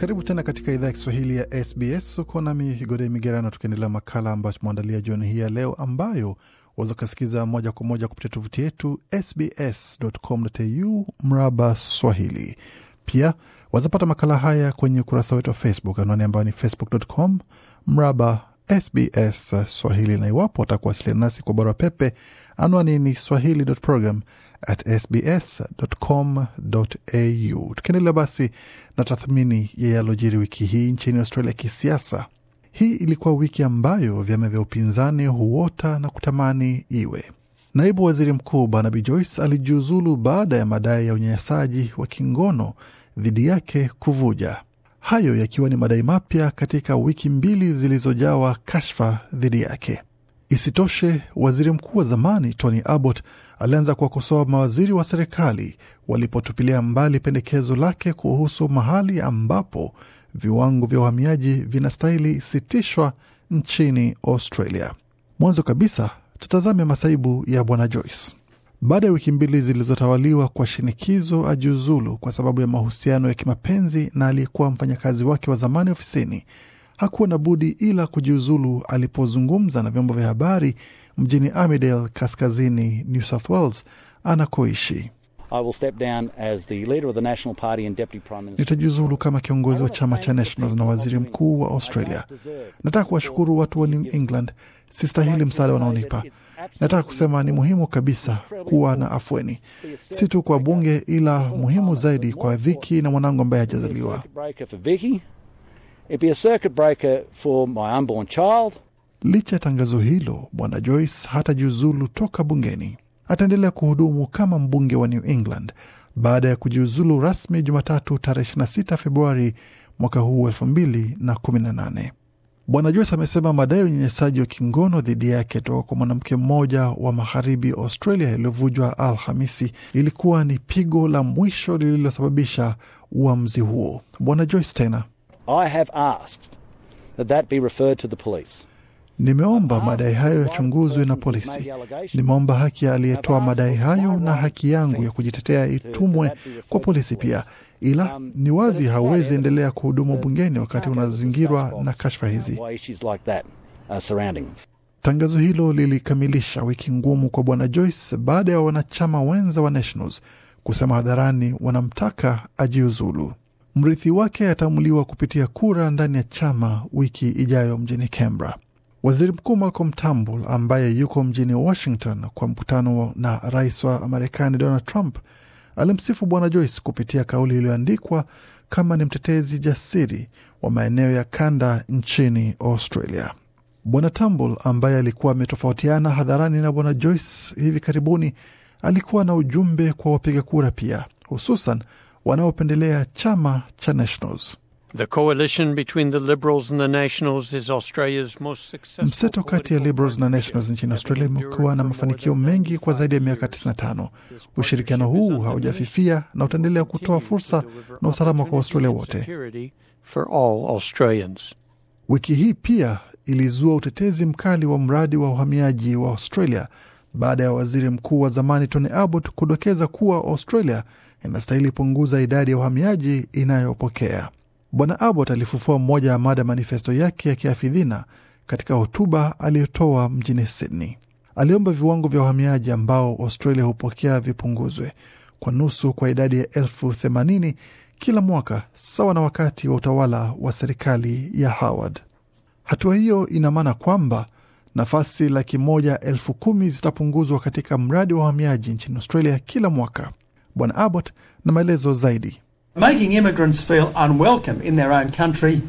Karibu tena katika idhaa ya Kiswahili ya SBS. Uko nami Gode Migerano, tukiendelea makala ambayo tumeandalia jioni hii ya leo, ambayo waweza ukasikiza moja kwa moja kupitia tovuti yetu sbs.com.au mraba swahili. Pia wazapata makala haya kwenye ukurasa wetu wa Facebook, anwani ambayo ni facebook.com mraba SBS Swahili, na iwapo atakuwasilia nasi kwa barua pepe, anwani ni swahili.program at Tukiendelea basi na tathmini ya yalojiri wiki hii nchini Australia kisiasa. Hii ilikuwa wiki ambayo vyama vya upinzani huota na kutamani iwe. Naibu waziri mkuu Barnaby Joyce alijiuzulu baada ya madai ya unyanyasaji wa kingono dhidi yake kuvuja hayo yakiwa ni madai mapya katika wiki mbili zilizojawa kashfa dhidi yake. Isitoshe, waziri mkuu wa zamani Tony Abbott alianza kuwakosoa mawaziri wa serikali walipotupilia mbali pendekezo lake kuhusu mahali ambapo viwango vya uhamiaji vinastahili sitishwa nchini Australia. Mwanzo kabisa, tutazame masaibu ya bwana Joyce baada ya wiki mbili zilizotawaliwa kwa shinikizo ajiuzulu kwa sababu ya mahusiano ya kimapenzi na aliyekuwa mfanyakazi wake wa zamani ofisini. Hakuwa na budi ila kujiuzulu alipozungumza na vyombo vya habari mjini amidal kaskazini New South Wales, anakoishi. Nitajiuzulu kama kiongozi wa chama cha national na waziri mkuu wa Australia. Nataka kuwashukuru watu wa New England, sistahili msaada wanaonipa. Nataka kusema ni muhimu kabisa kuwa na afueni, si tu kwa bunge, ila muhimu zaidi kwa Viki na mwanangu ambaye hajazaliwa. Licha ya tangazo hilo, Bwana Joyce hatajiuzulu toka bungeni ataendelea kuhudumu kama mbunge wa New England baada ya kujiuzulu rasmi Jumatatu tarehe 26 Februari mwaka huu 2018. Bwana Joyce amesema madai ya unyenyesaji wa kingono dhidi yake toka kwa mwanamke mmoja wa magharibi Australia yaliyovujwa Alhamisi ilikuwa ni pigo la mwisho lililosababisha uamuzi huo. Bwana Joyce tena I have asked that that be referred to the police Nimeomba madai hayo yachunguzwe na polisi. Nimeomba haki ya aliyetoa madai hayo na haki yangu ya kujitetea itumwe kwa polisi pia, ila ni wazi hauwezi endelea kuhudumu bungeni wakati unazingirwa na kashfa hizi. Tangazo hilo lilikamilisha wiki ngumu kwa bwana Joyce baada ya wanachama wenza wa Nationals kusema hadharani wanamtaka ajiuzulu. Mrithi wake ataamuliwa kupitia kura ndani ya chama wiki ijayo mjini Canberra. Waziri Mkuu Malcolm Turnbull ambaye yuko mjini Washington kwa mkutano na rais wa Marekani Donald Trump alimsifu Bwana Joyce kupitia kauli iliyoandikwa kama ni mtetezi jasiri wa maeneo ya kanda nchini Australia. Bwana Turnbull ambaye alikuwa ametofautiana hadharani na Bwana Joyce hivi karibuni, alikuwa na ujumbe kwa wapiga kura pia, hususan wanaopendelea chama cha Nationals. Mseto kati ya Liberals na Nationals nchini Australia imekuwa na mafanikio mengi kwa zaidi ya miaka 95. Ushirikiano huu haujafifia na utaendelea kutoa fursa na usalama kwa Australia wote. Wiki hii pia ilizua utetezi mkali wa mradi wa uhamiaji wa Australia baada ya waziri mkuu wa zamani Tony Abbott kudokeza kuwa Australia inastahili punguza idadi ya uhamiaji inayopokea. Bwana Abbott alifufua mmoja ya mada manifesto yake ya kiafidhina katika hotuba aliyotoa mjini Sydney. Aliomba viwango vya wahamiaji ambao Australia hupokea vipunguzwe kwa nusu kwa idadi ya elfu themanini kila mwaka, sawa na wakati wa utawala wa serikali ya Howard. Hatua hiyo ina maana kwamba nafasi laki moja elfu kumi zitapunguzwa katika mradi wa wahamiaji nchini Australia kila mwaka. Bwana Abbott na maelezo zaidi. Making immigrants feel unwelcome in their own country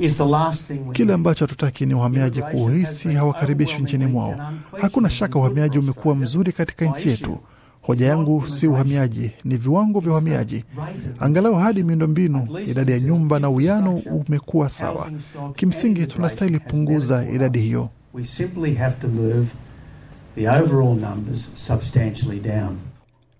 is the last thing we... Kile ambacho hatutaki ni uhamiaji kuhisi hawakaribishwi nchini mwao. Hakuna shaka uhamiaji umekuwa mzuri katika nchi yetu. Hoja yangu si uhamiaji, ni viwango vya uhamiaji. Angalau hadi miundombinu, idadi ya nyumba na uwiano umekuwa sawa. Kimsingi, tunastahili punguza idadi hiyo.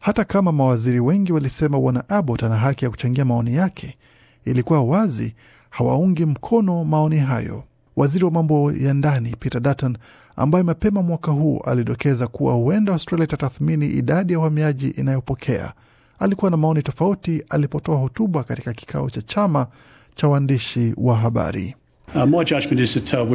Hata kama mawaziri wengi walisema bwana Abbott ana haki ya kuchangia maoni yake, ilikuwa wazi hawaungi mkono maoni hayo. Waziri wa mambo ya ndani Peter Dutton, ambaye mapema mwaka huu alidokeza kuwa huenda Australia itatathmini idadi ya uhamiaji inayopokea, alikuwa na maoni tofauti alipotoa hotuba katika kikao cha chama cha waandishi wa habari. Uh, uh,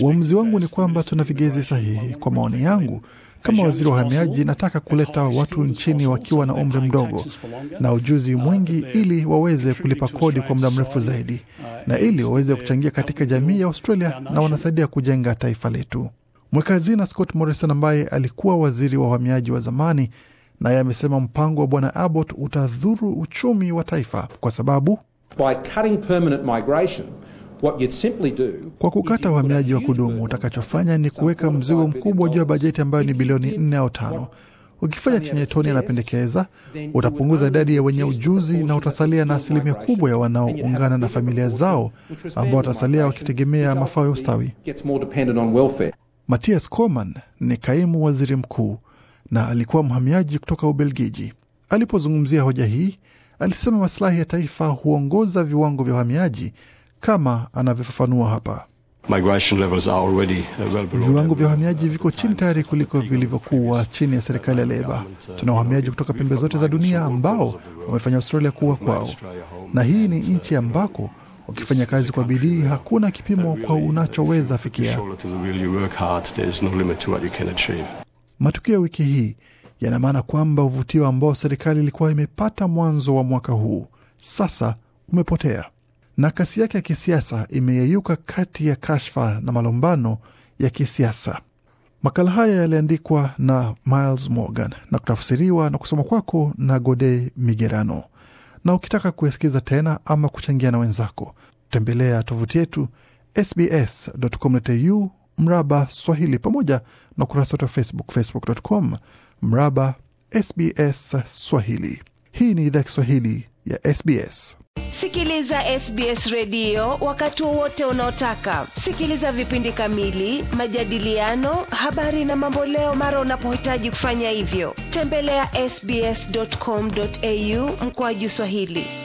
Uamuzi wangu ni kwamba tuna vigezi sahihi. Kwa maoni yangu, kama waziri wa uhamiaji, nataka kuleta watu nchini wakiwa na umri mdogo na ujuzi uh, mwingi, ili waweze kulipa kodi kwa muda mrefu zaidi, na ili waweze kuchangia katika jamii ya Australia na wanasaidia kujenga taifa letu. Mweka hazina Scott Morrison ambaye alikuwa waziri wa uhamiaji wa zamani naye amesema mpango wa bwana Abbott utadhuru uchumi wa taifa kwa sababu By cutting permanent migration kwa kukata uhamiaji wa kudumu, utakachofanya ni kuweka mzigo mkubwa juu ya bajeti ambayo ni bilioni nne au tano. Ukifanya chenye Tony anapendekeza, utapunguza idadi ya wenye ujuzi na utasalia na asilimia kubwa ya wanaoungana na familia zao ambao watasalia wakitegemea mafao ya ustawi. matias Coman ni kaimu waziri mkuu na alikuwa mhamiaji kutoka Ubelgiji. Alipozungumzia hoja hii, alisema masilahi ya taifa huongoza viwango vya uhamiaji kama anavyofafanua hapa. Uh, Viwango vya uhamiaji viko chini tayari kuliko vilivyokuwa chini ya serikali ya Leba. Tuna wahamiaji kutoka pembe zote za dunia ambao wamefanya Australia kuwa kwao, na hii ni nchi ambako wakifanya kazi kwa bidii hakuna kipimo kwa unachoweza fikia. Matukio ya wiki hii yana maana kwamba uvutio ambao serikali ilikuwa imepata mwanzo wa mwaka huu sasa umepotea na kasi yake ya kisiasa imeyeyuka kati ya kashfa na malumbano ya kisiasa. Makala haya yaliandikwa na Miles Morgan na kutafsiriwa na kusoma kwako na Gode Migerano. Na ukitaka kuyasikiza tena ama kuchangia na wenzako, tembelea tovuti yetu sbs.com.au mraba Swahili, pamoja na ukurasa wetu wa Facebook, facebook.com mraba SBS Swahili. Hii ni idhaa Kiswahili ya SBS sikiliza sbs redio wakati wowote unaotaka sikiliza vipindi kamili majadiliano habari na mamboleo mara unapohitaji kufanya hivyo tembelea ya sbscomau mkoaji swahili